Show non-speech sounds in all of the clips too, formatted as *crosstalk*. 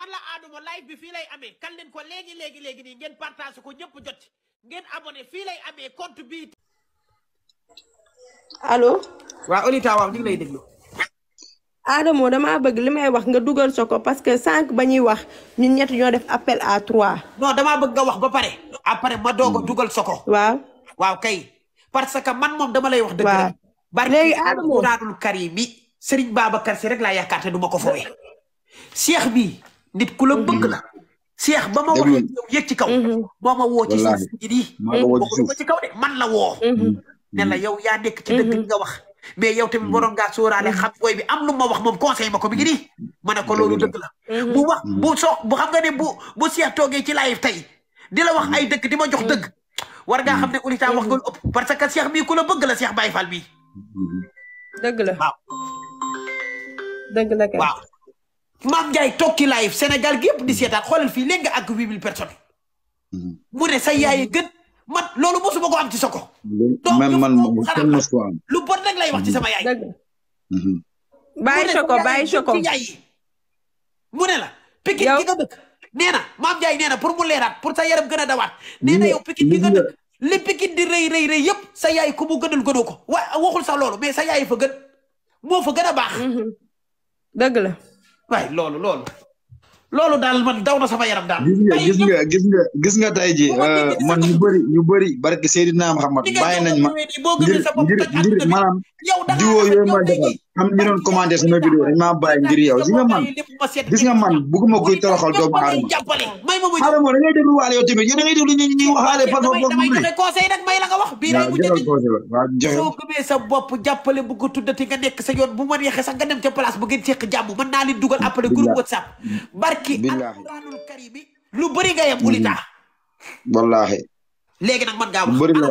alla aaduma live bi fii lay amee kan leen ko léegi léegi léegi nii ngeen partage ko ñëpp jot ngeen abonné fii lay amee compte bi allo. waaw Olita waaw ñu ngi lay déglu. Adamo damaa bëgg li may wax nga dugal sa ko parce que sànq ba ñuy wax ñun ñett ñoo def appel à trois. non damaa bëgg nga wax ba pare. après ma doog hmm. dugal sa ko. waaw waaw kay. parce que man moom dama lay wax. dëgg la bari léegi Adamo Alquraanul Kariim bi Serigne Babacar Si rek laa yaakaar te du ma ko fowee. Cheikh bi nit ku la mhm. bëgg la. seex ba ma waxee ci kaw. Mhm. boo ma woo ci suuf si ji ko kaw man la woo. Mhm. ne la yow yaa nekk ci dëgg nga wax. mais yow tamit waroon ngaa sóoraale xam booy bi am lu ma wax moom conseil ma ko mi ngi nii. ma ko loolu dëgg la. bu wax bu soo bu xam nga ne bu seex toogee ci live tey di la wax ay dëgg di ma jox dëgg. war ngaa xam ne Oulita wax nga lu ëpp parce que seex mii ku bëgg la seex Baye Fall bii. dëgg la waaw. waaw. maam Ndiaye toog ci live Sénégal gi yëpp di seetaan xoolal fii léegi nga àgg huit mille personnes. Mm-hmm. mu ne sa yaay gën mat loolu mosuma ko am ci soko. man man man lu bon rek lay wax ci sama yaay. Mm-hmm. bàyyi soko bàyyi soko mu ne la. pikin gi nga dëkk nee na Mame Ndiaye nee na pour mu leeraat pour sa yaram gën a dawaat. nee na yow pikin gi nga dëkk. li pikin di rëy rëy rëy yëpp sa yaay ku mu gënal gënoo ko wa waxul sax loolu mais sa yaay fa gën moo fa gën a baax. Mm-hmm. dëgg la. waaye loolu loolu loolu daal man daw na sama yaram daal. gis nga gis nga gis nga tey ji euh, man ñu bëri ñu bëri barke Seydina Muhammad bàyyi nañ ma ngir ngir ngir maanaam diwoo yooyu ma defal am ñu doon commandé sama vidéo dañ maa bàyyi ngir yow gis nga man gis nga man bëgguma kuy toroxal doomu aadama aadama da ngay déglu waale yow tamit yow da ngay déglu ñu ñu waxaale parce que damay joxe conseil nag may la nga wax bii lay mujjati waaw joxe soo gëmee sa bopp jàppale bu ko nga nekk sa bu ma neexee sax nga dem place bu ngeen seq jàmm mën dugal après groupe whatsapp barki alquranul karimi lu bëri yem ulita léegi nag mën ngaa wax bëri na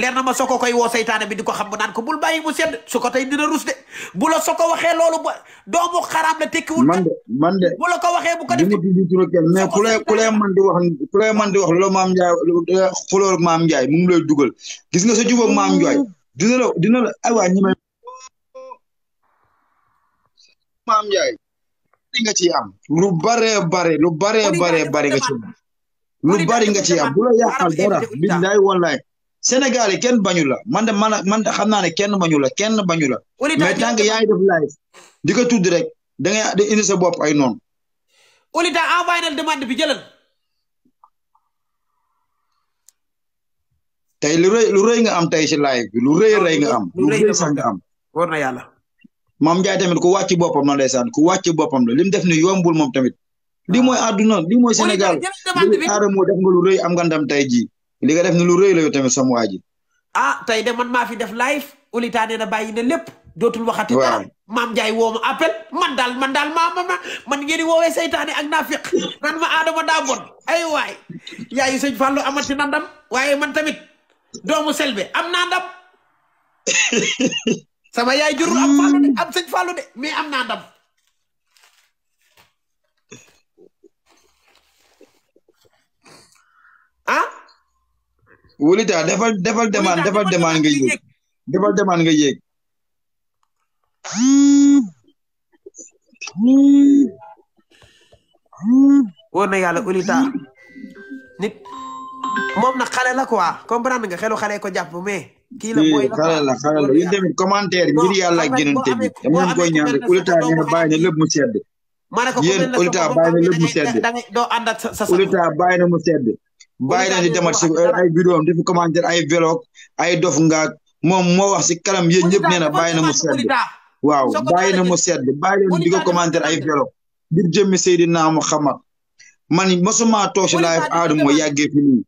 leer na ma soko koy woo seytaane bi di ko xam bu naan ko bul bàyyi mu sedd su ko tey dina rus de bu la soko waxee loolu ba doomu xaraam la tekkiwul man de man de bu la ko waxee bu ko def di turu ku lay ku lay man di wax ku man di wax loolu maam Ndiaye xulool maam Ndiaye mu ngi lay dugal gis nga sa jubóog maam Ndiaye dina la dina la ay waa ñi may maam Ndiaye li nga ci am lu baree bare lu baree bare bare nga ci am lu bari nga ci am bu la yàqal dara billaay wallaay Sénégal yi kenn bañu la man de man de xam naa ne kenn bañu la kenn bañu la mais tant que ngi def live di ko tudd rek da ngay di indi sa bopp ay noonu Olida envoyé na demande bi jëlal tey lu rëy lu rëy nga am tey si live lu rëy rëy nga am lu rëy sax nga am war na yàlla Maam Njaay tamit ku wàcc boppam lay ndeysaan ku wàcc boppam la li mu def ni yombul moom tamit lii mooy ah. àdduna lii mooy Sénégal li aara moo def nga lu rëy am nga ndam tey jii li def ne lu rëy la yow tamit sam waa ji ah tey de man maa fi def live Oulita nee na bàyyi na lépp dootul waxati dara maam Ndiaye woo ma appel man daal man daal maa ma man ngeen di woowee seytaane ak naafiq nan ma aadama daa bon ay waay yaayu sëñ Fallou amati na dam waaye man tamit doomu selbe am naa ndam *laughs* sama yaay jur am Fallou de am sëñ Fallou de mais am naa ndam Wulita defal defal demande defal demande nga yéeg defal demande nga yéeg. wóor na yàlla Wulita nit moom na xale la quoi comprendre nga xelu xale ko jàpp mais. kii la booy la xale la xale la yéen tamit commentaire ngir yàlla ak jënante bi dama leen koy ñaan rek Wulita nee na bàyyi na lépp mu sedd. yéen Wulita bàyyi na lépp mu sedd. Wulita bàyyi na mu sedd. bàyyi na di demat si ay vidéo am commentaire ay vélo ay dof ngaak moom moo wax si kanam yéen ñëpp nee na bàyyi na mu sedd waaw bàyyi na mu sedd bàyyi leen di ko commentaire ay vélo di jëmmi Seydina Muhammad man mosuma toog si live Adamo yàggee fi nii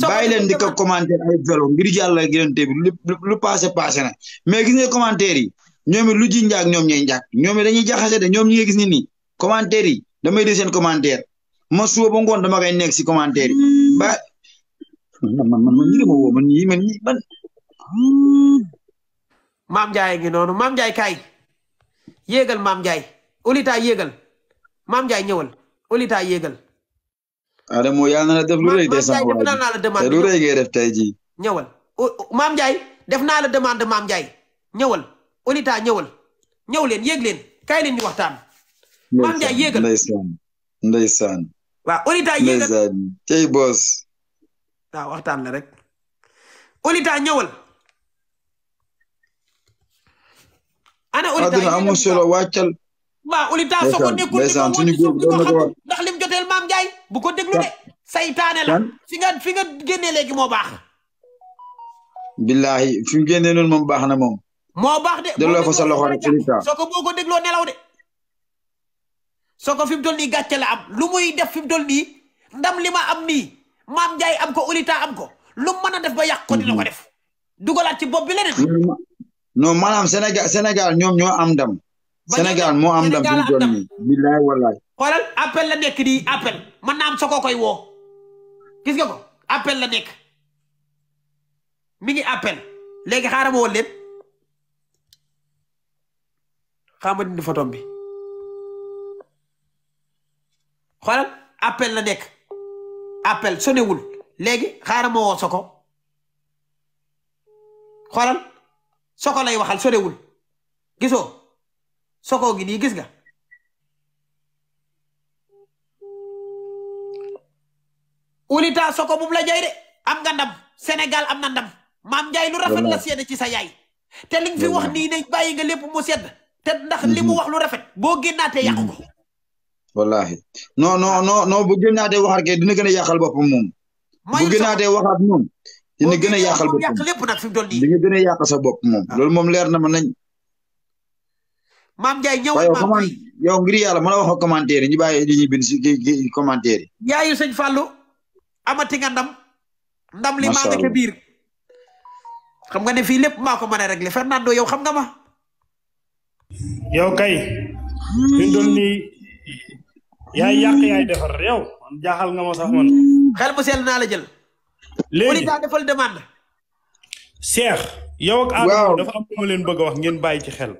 bàyyi leen di ko commentaire ay vélo ngir yàlla gënante bi lu lu passé passé na mais gis nga commentaire yi ñoom it lu ji njaag ñoom ñooy njaag ñoom it dañuy jaxase ñoom ñi nga ni nii commentaire yi damay di seen commentaire ma suba nekk si commentaire ba man man man hmm. ngi noonu maam Ndiaye kaay yéegal maam Ndiaye olita yéegal maam Ndiaye ñëwal olita yéegal. Adamo yàlla na la def lu rëy de sax waaye lu rëy def maam Ndiaye def naa la demande maam Ndiaye ñëwal olita ñëwal ñëw leen yéeg leen ñu waxtaan. maam Ndiaye yéegal waaw Olita yéegal tey boss. waaw waxtaan la rek Olita ñëwal. ana Olita àdduna amul solo wàccal. waaw Olita soo ko nekkul di ko woon di ndax lim joteel maam Ndiaye bu ko déglu de. saytaane la fi nga fi nga génnee léegi moo baax. billahi fi mu génnee noonu baax na moom. moo baax de delloo fa sa rek Olita soo ko boo ko dégloo nelaw de. soo ko fi toll nii gàcce la am lu def fi mu toll nii ndam li ma am nii maam Ndiaye am ko Oulita am ko lu mën a def ba yàq ko dina ko mm-hmm. def dugalaat ci bopp bi leneen. non senegal senegal Sénégal ñoom ñoo am ndam. Sénégal moo am ndam fi mu toll nii. bilaay xoolal appel la nekk nii appel mën naam am koy woo gis ko appel la nekk mi ngi appel léegi xaaral ma leen xaaral dindi photo bi. xoolal appel la nekk appel sonewul léegi xaaral ma woo soko xoolal soko lay waxal sonewul gisoo soko gi nii gis nga ulita soko bu la jay de am nga ndam Sénégal am na ndam maam Njaay lu rafet la seede ci sa yaay te li fi wax nii ne bàyyi nga lépp sedd te ndax li mu mhm. wax lu rafet boo génnaatee yàqu ko wallahi non non non non bu gënaatee waxaat kay dina gën a yàqal boppam moom. bu gënaatee waxaat moom. dina gën a yàqal boppam yàq lépp nag fi mu a yàq sa bopp moom. Ah. loolu moom leer na ma nañ. maam Ndiaye ñëwul maam yow ngir yàlla mën a wax ak commentaire yi ñu bàyyi li ñuy bind si kii commentaire yi. yaayu sëñ Fallou amati nga ndam. ndam li maa nga xam nga ne fii lépp maa ko mën a régler Fernando yow xam nga ma. yow kay. fi mu yaay yàq yaay hmm. defar yow man jaaxal nga ma sax man. Hmm. xel bu sell naa la jël. léegi daa defal demande. Cheikh. yow ak Adama dafa am lu ma leen bëgg a wax ngeen bàyyi ci xel.